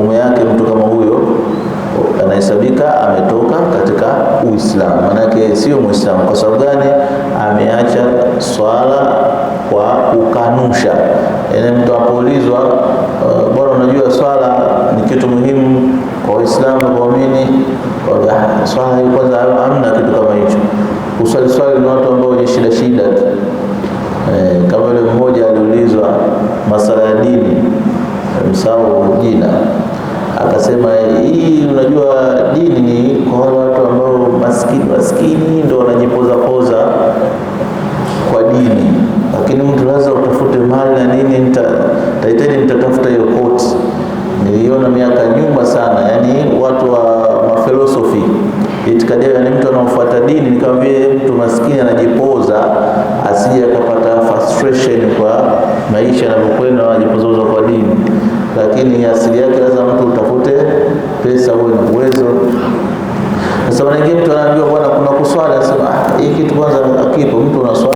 hukumu yake mtu kama huyo anahesabika ametoka katika Uislamu, manake sio Muislamu. Kwa sababu gani? Ameacha swala kwa kukanusha. Yaani mtu apoulizwa, uh, bora unajua swala ni kitu muhimu kwa Uislamu kwa waumini, swala kwanza hamna kitu kama hicho. Uswali swali ni watu ambao wenye shida shida tu. Eh, kama yule mmoja aliulizwa masala ya dini, msao jina akasema hii, unajua dini ni kwa wale watu ambao maskini maskini ndio wanajipoza poza kwa dini, lakini mtu lazima utafute mali na nini. Nitahitaji nitatafuta hiyo koti. niliona miaka nyuma sana, yani watu wa mafilosofi itikadi yao, yani mtu anaofuata dini ni kama vile mtu maskini anajipoza asije akapata frustration kwa maisha yanavyokwenda, anajipoza kwa dini, lakini asili yake lazima pesa uwe na uwezo. Sasa wengine mtu anaambiwa bwana, kuna kuswali, asema ah, hii kitu kwanza hakipo. Mtu anaswali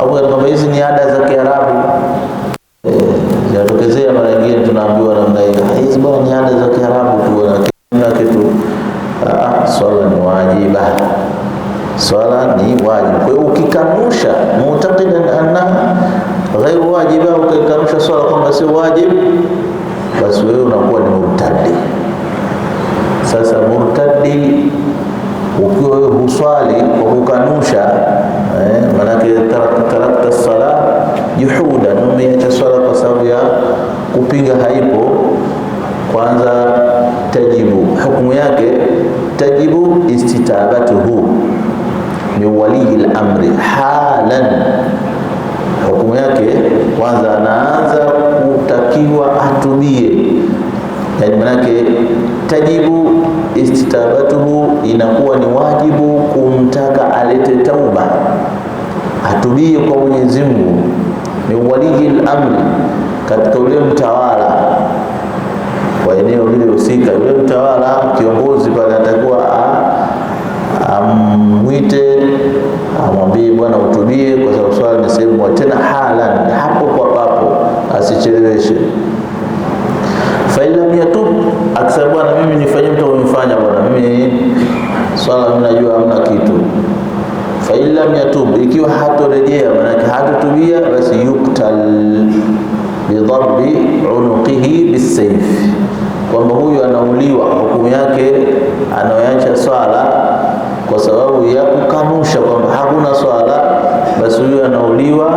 au kwamba hizi ni ada za Kiarabu eh, zinatokezea mara nyingine, tunaambiwa namna hiyo, hizi bwana ni ada za Kiarabu tu, na kitu ah, ah, swala ni wajiba, swala ni wajibu. Kwa hiyo ukikanusha mu'taqidan anna ghairu wajiba, ukikanusha swala kwamba sio wajibu, basi wewe unakuwa sasa murtadi ukiwa wewe huswali kwa kukanusha eh, manake tarakta sala juhuda umeacha swala kwa sababu ya kupinga haipo. Kwanza tajibu, hukumu yake tajibu istitabatuhu min walii lamri halan, hukumu yake kwanza anaanza kutakiwa atubie, yani manake tajibu istitabatuhu, inakuwa ni wajibu kumtaka alete tauba, atubie kwa Mwenyezi Mungu. Ni walii al-amri, katika ule mtawala wa eneo lile husika, ule mtawala kiongozi pale atakuwa amwite amwambie, bwana utubie, kwa sababu swala ni sehemu tena, halan, hapo kwa papo, asicheleweshe. swala mnajua hamna kitu. Fa in lam yatub, ikiwa hatorejea manake hatotubia, basi yuktal bidharbi unuqihi bisayf, kwamba huyu anauliwa, hukumu yake anaoacha swala kwa sababu ya kukanusha kwamba hakuna swala, basi huyu anauliwa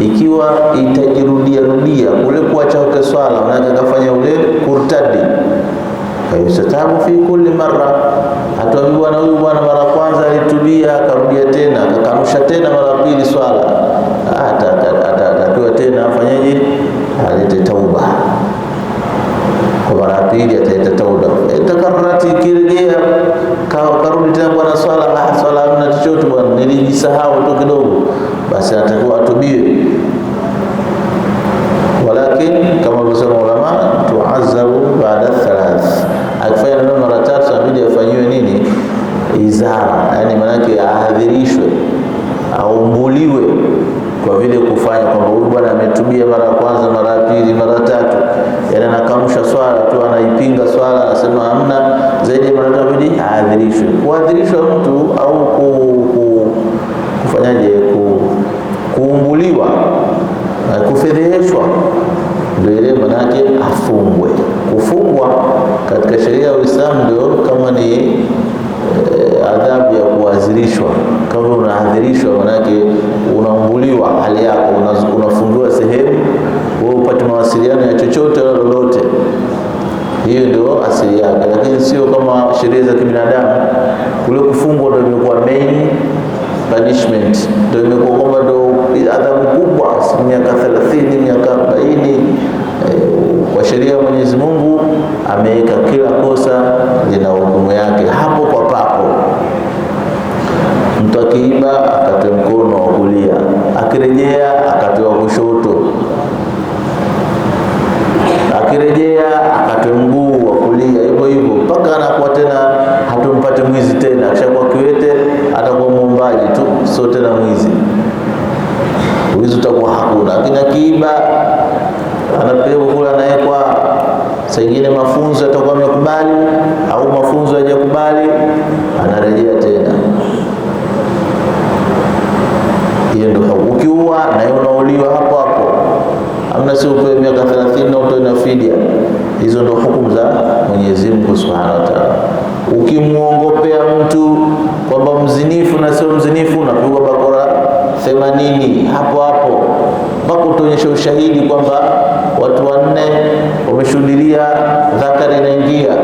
ikiwa itajirudia rudia ule kuacha uke swala unakakafanya ule kurtadi fayustatabu fi kulli marra, atuambiwa na huyu bwana mara kwanza alitubia akarudia tena akakanusha tena mara pili swala, ah, atatakiwa tena afanyeje? Alete tauba kwa mara pili, ataleta tauba. takarrati kirgia kau karudi tena bwana swala ah swala amna chochote bwana nilijisahau tu kidogo basi atakuwa atubie walakin kama wasema ulama uadhirishwe. Kuadhirishwa mtu au ku, ku, kufanyaje ku, kuumbuliwa eh, kufedheheshwa, ndio ile manake afungwe. Kufungwa katika sheria ya Uislamu ndio kama ni e, adhabu ya kuadhirishwa. Kama unaadhirishwa, manake unaumbuliwa hali yako, unafungiwa sehemu, wewe upate mawasiliano ya chochote hiyo ndio asili yake, lakini sio kama sheria za kibinadamu. Kule kufungwa ndio imekuwa main punishment, ndio imekuwa kwamba ndio adhabu kubwa, miaka 30 miaka 40. Kwa eh, sheria ya Mwenyezi Mungu ameweka kila kosa lina hukumu yake hapo kwa papo. Mtu akiiba akate mkono wa kulia, akirejea akate wa kushoto Mungu subhanahu wa ta'ala. Ukimwongopea mtu kwamba mzinifu na sio mzinifu, unapigwa bakora 80 hapo hapo, mpaka utaonyesha ushahidi kwamba watu wanne wameshuhudia dhakari inaingia.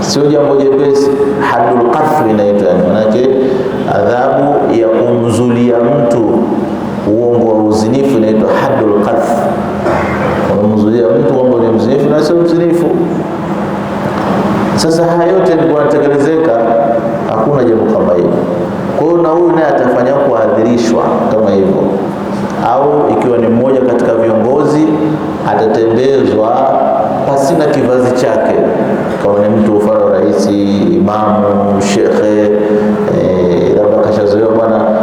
Sio jambo jepesi. hadul qadhf inaitwa, manake adhabu ya kumzulia mtu uongo wa uzinifu inaitwa hadul qadhf. Unamzulia mtu kwamba ni mzinifu na sio mzinifu. Sasa haya yote yanatekelezeka, hakuna jambo kama hilo. Kwa hiyo na huyu naye atafanya kuadhirishwa kama hivyo, au ikiwa ni mmoja katika viongozi atatembezwa pasina kivazi chake, kama ni mtu mfano rais, imamu, shekhe, eh, labda kashazoea bwana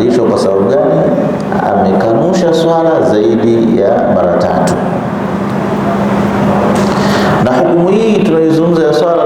aliishwa kwa sababu gani? Amekanusha swala zaidi ya mara tatu, na hukumu hii tunaizungumza ya swala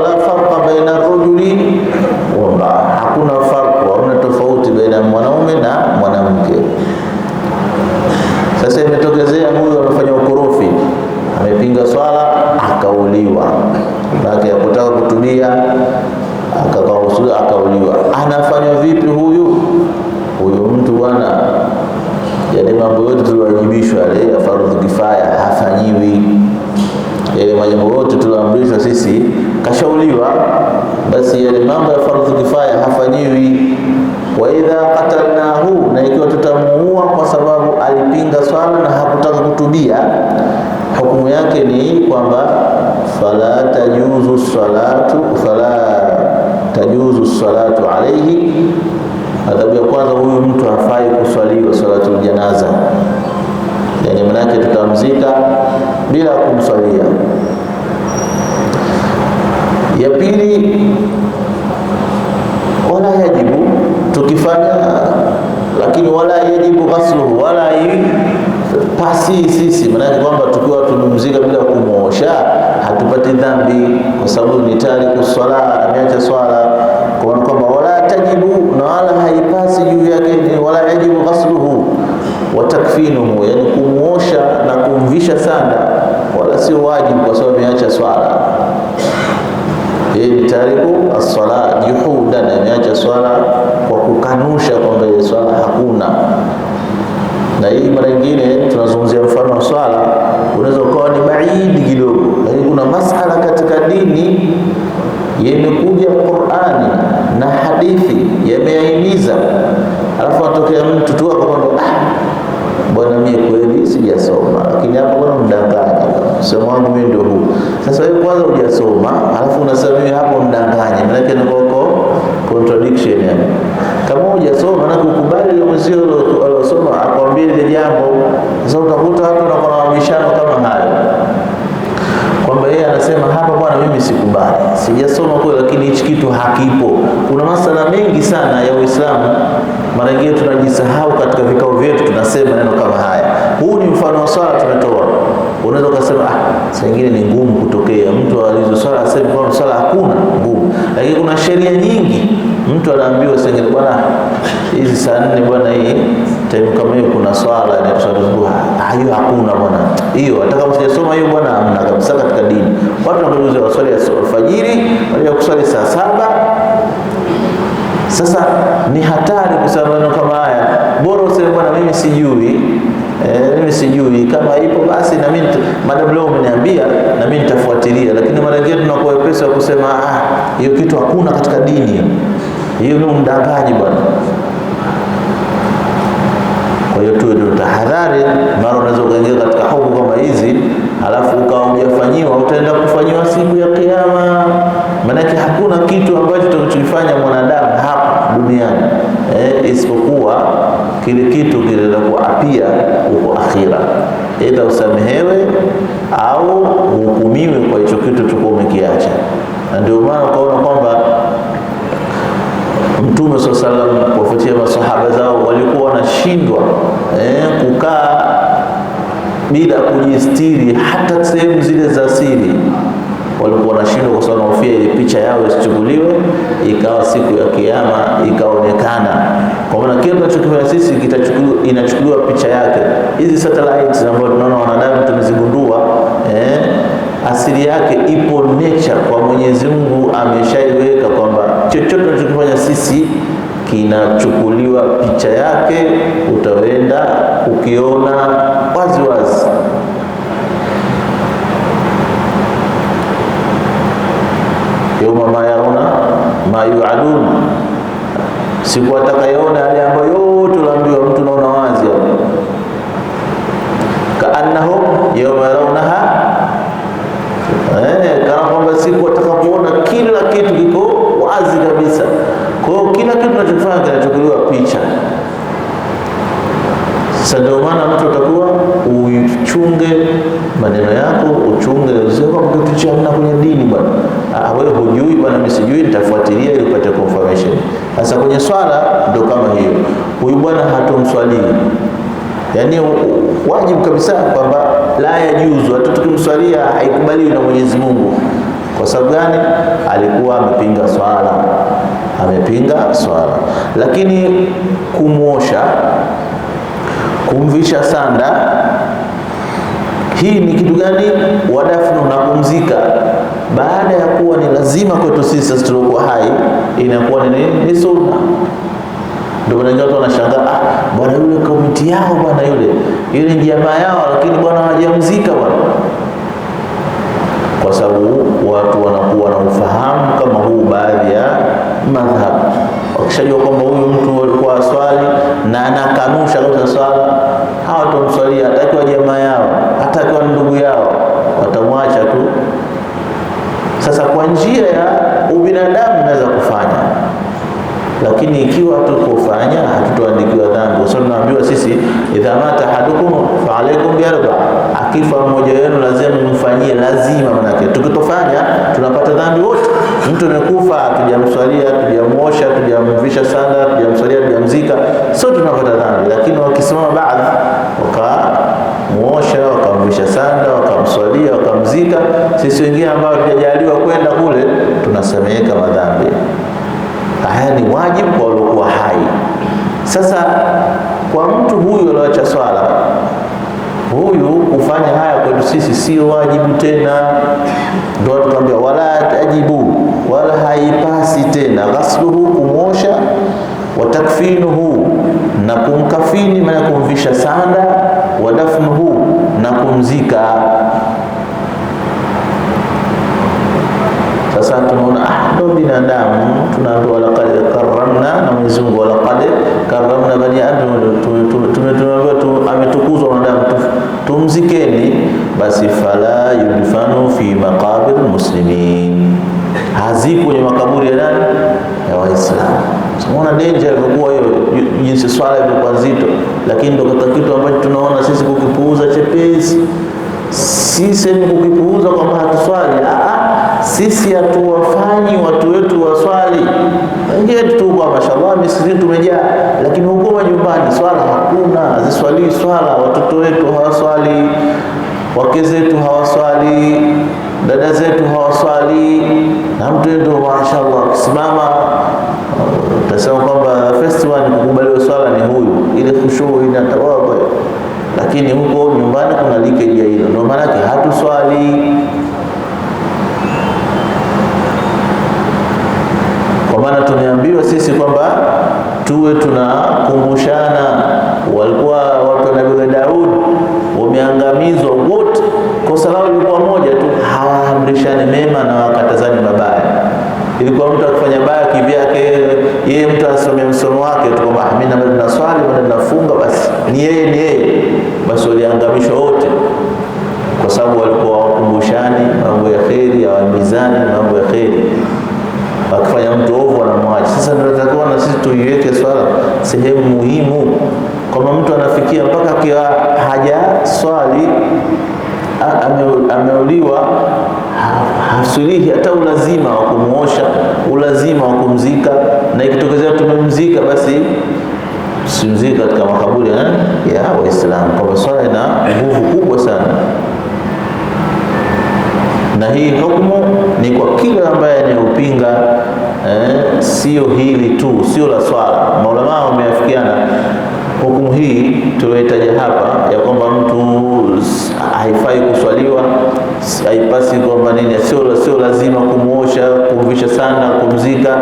pia hukumu yake ni kwamba fala tajuzu salatu fala tajuzu salatu alayhi. Adhabu ya kwanza, huyu mtu hafai kuswaliwa salatul janaza, yani manake tutamzika bila kumswalia. Ya pili, wala yajibu tukifanya, lakini wala yajibu ghasluhu wala yajibu hasi sisi, maanake kwamba tukiwa tumemzika bila kumuosha hatupati dhambi, kwa sababu ni tariku swala, ameacha swala. Kwa maana kwamba wala tajibu na wala haipasi juu yake, wala yajibu ghasluhu wa takfinuhu, yani kumuosha na kumvisha sanda, wala sio wajibu, kwa sababu ameacha swala. ni tariku as juhudan, ameacha swala kwa kukanusha kwamba swala hakuna na hii mara nyingine tunazungumzia mfano wa swala, unaweza ukawa ni baidi kidogo, lakini kuna masala katika dini yamekuja Qur'ani na hadithi yameainiza, alafu atokea mtu tu ah, bwana, mimi kweli sijasoma, lakini hapo kuna mdanganya, msemo wangu mimi ndio huu. Sasa wewe kwanza hujasoma alafu unasema hakipo. Kuna masala mengi sana ya Uislamu, mara nyingine tunajisahau katika vikao vyetu, tunasema neno kama haya. Huu ni mfano wa swala tumetoa. Unaweza ukasema ah, saa ingine ni ngumu kutokea mtu alizo swala aseme kwamba swala hakuna ngumu, lakini kuna sheria nyingi Mtu anaambiwa sengine, bwana, hizi saa nne bwana, hii time kama hiyo kuna swala ah, hiyo, hakuna bwana, hiyo hata kama sijasoma hiyo bwana, amna kabisa katika dini. Watu wanakuja waswali alfajiri, wanakuja kuswali saa saba. Sasa ni hatari kusema maneno kama haya, bora useme bwana, mimi sijui Eh, mimi sijui kama ipo basi, na mimi madam leo umeniambia, na mimi nitafuatilia. Lakini mara nyingine tunakuwa wepesi wa kusema ah, hiyo kitu hakuna katika dini hiyo Yule mdangaji bwana. Kwa hiyo tuwe ndio tahadhari, mara unaweza ukaingia katika hukumu kama hizi, alafu ukawa ujafanyiwa utaenda kufanyiwa siku ya Kiyama. Maanake hakuna kitu ambacho tutakachofanya mwanadamu hapa duniani eh, isipokuwa kile kitu kuapia huko akhira, aidha usamehewe au uhukumiwe kwa hicho kitu tulikuwa umekiacha, na ndio maana ukaona kwamba Mtume swalla sallam kuwafuatia masahaba zao walikuwa wanashindwa eh, kukaa bila kujistiri, hata sehemu zile za siri walikuwa wanashindwa, kwa sababu wanahofia ile picha yao isichukuliwe, ikawa siku ya Kiyama ikaonekana. Kwa maana kile tunachokifanya sisi kitachukuliwa, inachukuliwa picha yake. Hizi satellites ambazo tunaona wanadamu tumezigundua eh, asili yake ipo nature, kwa Mwenyezi Mungu ameshaiweka chochote unachokifanya sisi kinachukuliwa picha yake, utaenda ukiona wazi wazi. Yawma ma yarawna ma yu'adun, siku atakayoona yale ambayo yote unaambiwa mtu, naona wazi kaannahum yawma yarawnaha eh, kana kwamba siku atakapoona kila kitu kiko kabisa. Kwa hiyo kila kitu tunachofanya kinachukuliwa picha. Sasa ndio maana mtu atakuwa uchunge maneno yako, uchunge kitu kwenye dini bwana. Ah, ah, wewe hujui bwana, mimi sijui, nitafuatilia ili upate confirmation. Sasa kwenye swala ndio kama hiyo, huyu bwana hatumswalii, yaani wajibu kabisa kwamba la yajuzu, hata tukimswalia haikubaliwi na Mwenyezi Mungu. Kwa sababu gani? Alikuwa amepinga swala, amepinga swala. Lakini kumwosha, kumvisha sanda, hii ni kitu gani? Wadafnu na kumzika, baada ya kuwa ni lazima kwetu sisi tuliokuwa hai, inakuwa ni ni sunna. Ndio maana watu wanashangaa, ah, bwana yule komiti yao, bwana yule yule ni jamaa yao, lakini bwana hawajamzika bwana kwa sababu watu wanakuwa na ufahamu kama huu, baadhi ya madhhab wakishajua kwamba huyu mtu alikuwa aswali na anakanusha kabisa swala, hawatomswalia hata akiwa jamaa yao, hata akiwa ndugu yao, watamwacha tu. Sasa kwa njia ya ubinadamu naweza kufanya, lakini ikiwa hatukufanya hatutoandikiwa dhambi. sababu tunaambiwa sisi, idha mata ahadukum fa alaykum bi arba, akifa mmoja wenu lazima mfanyie wakaffinuhu, na kumkafini maana kumvisha sanda, wa dafnuhu, na kumzika. Sasa tunaona ah, ndo binadamu tunaambiwa, laqad karramna na Mwenyezi Mungu, laqad karramna bani adam, ametukuzwa wanadamu, tumzikeni. Basi fala yudfanu fi maqabir muslimin, hazikwe kwenye makaburi ya nani? Ya Waislamu. Unaona danger imekuwa hiyo, jinsi swala imekuwa nzito, lakini ndio kitu ambacho tunaona sisi kukipuuza chepesi. Sisi yaani kukipuuza kwamba hatuswali, sisi hatuwafanyi watu wetu waswali. Wengine tu kwa mashallah, misikiti tumejaa, lakini huko majumbani swala hakuna, haziswali swala. Watoto wetu hawaswali, wake zetu hawaswali, dada zetu hawaswali, na mtu ndio mashallah akisimama tasema kwamba first one kukubaliwa swala ni huyu, ile khushu inatawadha, lakini huko nyumbani kuna leakage ya hilo, ndio maana hatuswali. Kwa maana tumeambiwa sisi kwamba tuwe tunakumbushana Ilikuwa mtu akifanya baya kivyake, yeye mtu asomea msomo wake tu kwamba ah, mimi na mimi naswali na nafunga basi ni yeye ni yeye, basi waliangamishwa wote, kwa sababu walikuwa wakumbushani mambo ya kheri, hawamizani mambo ya kheri. Akifanya mtu ovu anamwacha. Sasa tunatakiwa na sisi tuiweke swala sehemu muhimu, kwamba mtu anafikia mpaka akiwa haja swali ameuliwa hasulihi hata ulazima wa kumuosha, ulazima wa kumzika, na ikitokezea tumemzika basi simzika katika makaburi ya nani ya Waislamu, Kwa swala ina nguvu kubwa sana, na hii hukumu ni kwa kila ambaye anayopinga eh, sio hili tu, sio la swala. Maulama wameafikiana Hukumu hii tuliyoitaja hapa ya kwamba mtu haifai kuswaliwa, haipasi kwamba nini, sio sio lazima kumuosha, kumvisha sana, kumzika.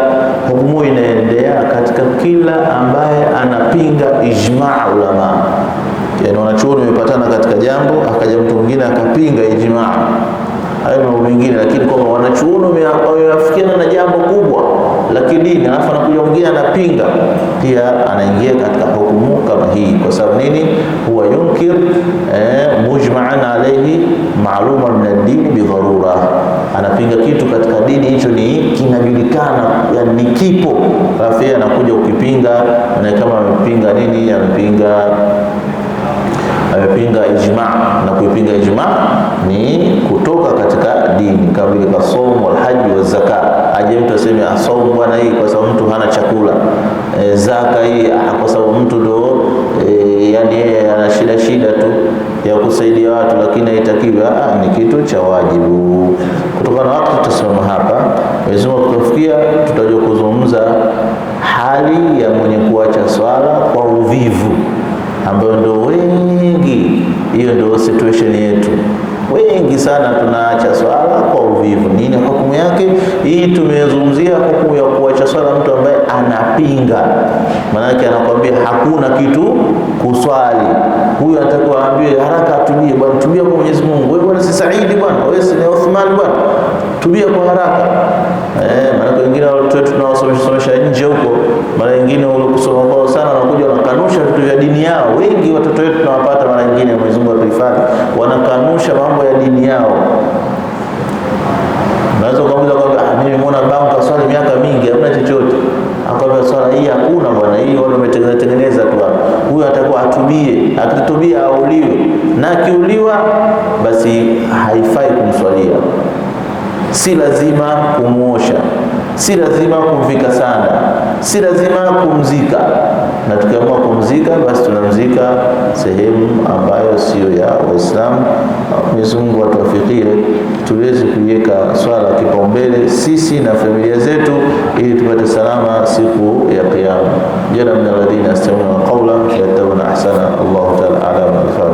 Hukumu inaendea katika kila ambaye anapinga ijmaa ulama, yani wanachuoni wamepatana katika jambo, akaja mtu mwingine akapinga ijmaa, hayo mambo mengine, lakini kwamba wanachuoni wameafikiana na jambo kubwa la kidini, alafu anakuja na anapinga, pia anaingia katika hukumu kama hii. Kwa sababu nini? huwa yunkir eh, mujma'an alayhi ma'luma min ad-din bi dharura, anapinga kitu katika dini, hicho ni kinajulikana, yani ni kipo, alafu yeye anakuja ukipinga, na kama amepinga nini, amepinga amepinga ijma, na kuipinga ijma ni kutu dini kama vile kasomu alhaji wa zaka. Aje mtu aseme asomu ah, bwana hii kwa sababu mtu hana chakula e, zaka hii ah, kwa sababu mtu ndo e, yani yeye ana shida shida tu ya kusaidia watu, lakini haitakiwa. Ah, ni kitu cha wajibu. Kutokana na wakati tutasimama hapa, Mwenyezi Mungu tukafikia, tutajua kuzungumza hali ya mwenye kuacha swala kwa uvivu, ambayo ndio wengi. Hiyo ndio situation yetu wengi sana tunaacha swala kwa uvivu. Nini hukumu yake? Hii tumezungumzia hukumu ya kuacha swala mtu ambaye anapinga, maanake anakwambia hakuna kitu kuswali. Huyu anatakiwa aambiwe haraka atubie, bwana, tubia kwa Mwenyezi Mungu. Wewe bwana, si Saidi bwana, wewe si Uthman bwana, tubia kwa haraka Eh, maana wengine watu wetu tunawasomesha nje huko, mara nyingine wale kusoma kwao sana wanakuja wanakanusha vitu vya dini yao. Wengi watoto wetu tunawapata mara nyingine, Mwenyezi Mungu atuhifadhi, wanakanusha mambo ya dini yao. Unaweza kuuliza kwamba ah, mimi nimeona babu kaswali miaka mingi hamna chochote. Akwambia swala hii hakuna bwana, hii wao wametengeneza tengeneza tu. Huyu atakuwa atubie, akitubia auliwe, na akiuliwa basi haifai kumswalia, si lazima si lazima kumvika sana, si lazima kumzika, na tukiamua kumzika, basi tunamzika sehemu ambayo siyo ya Waislamu. Mwenyezi Mungu atuwafikie tuweze kuiweka swala kipaumbele sisi na familia zetu, ili tupate salama siku ya Kiyama. jala min alladhina yastami'una alqawla fayattabi'una ahsana. Allahu ta'ala a'lam. Al-Fatiha.